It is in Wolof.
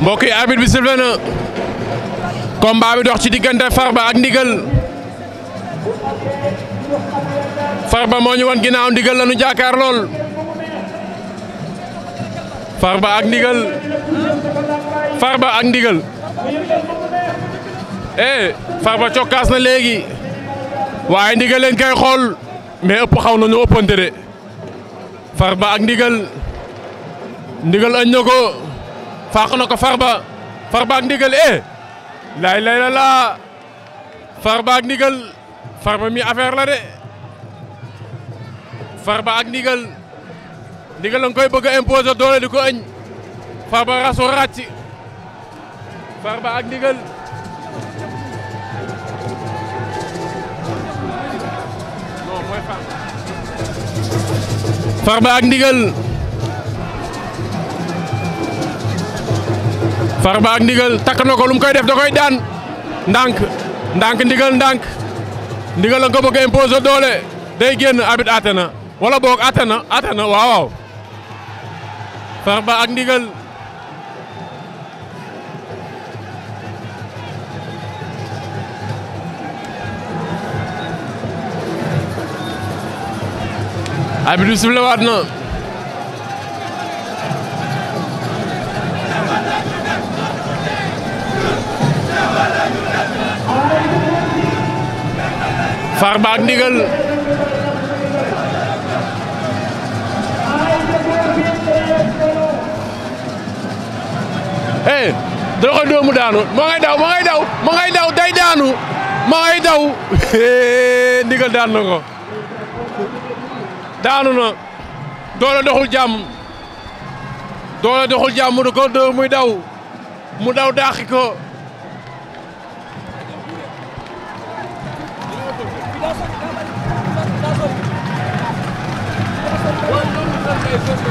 mbokk yi arbitre bi sifflé na combat bi dox ci diggante Farba ak Ndigal ba moo ñu wan ginnaaw Ndigal la ñu jàkkaar lool Farba ak Ndigal ak Ndigal eh Farba cokkaas na léegi waaye Ndigal kay xool mais ëpp xaw nañu ëppante de Farba ak Ndigal Ndigal añ na faax na ko Farba Farba ak ndigal eh laay lay la laa Farba ak ndigal Farba mi affaire la de Farba ak ndigal ndigal koy bëgg a imposer doole di ko ëñ Farba raso ràcc Farba ak ndigal non mooy ak ndigal Farba ak ndigal takk na ko lu koy def da koy daan ndànk ndànk ndigal ndànk ndigal la nga ko bëgg a imposer doole day génn abit àtte na wala boog àtte na àtte na waaw ak ndigal abit bi siflewaat na Farba ak Ndigal eh doo ko doomu daanu moo ngay daw moo ngay daw moo ngay daw day daanu moo ngay daw eh, Ndigal daan na ko daanu na doole doxul jàmm doole doxul jàmm du ko dóor daw mu daw daaxi Thank you.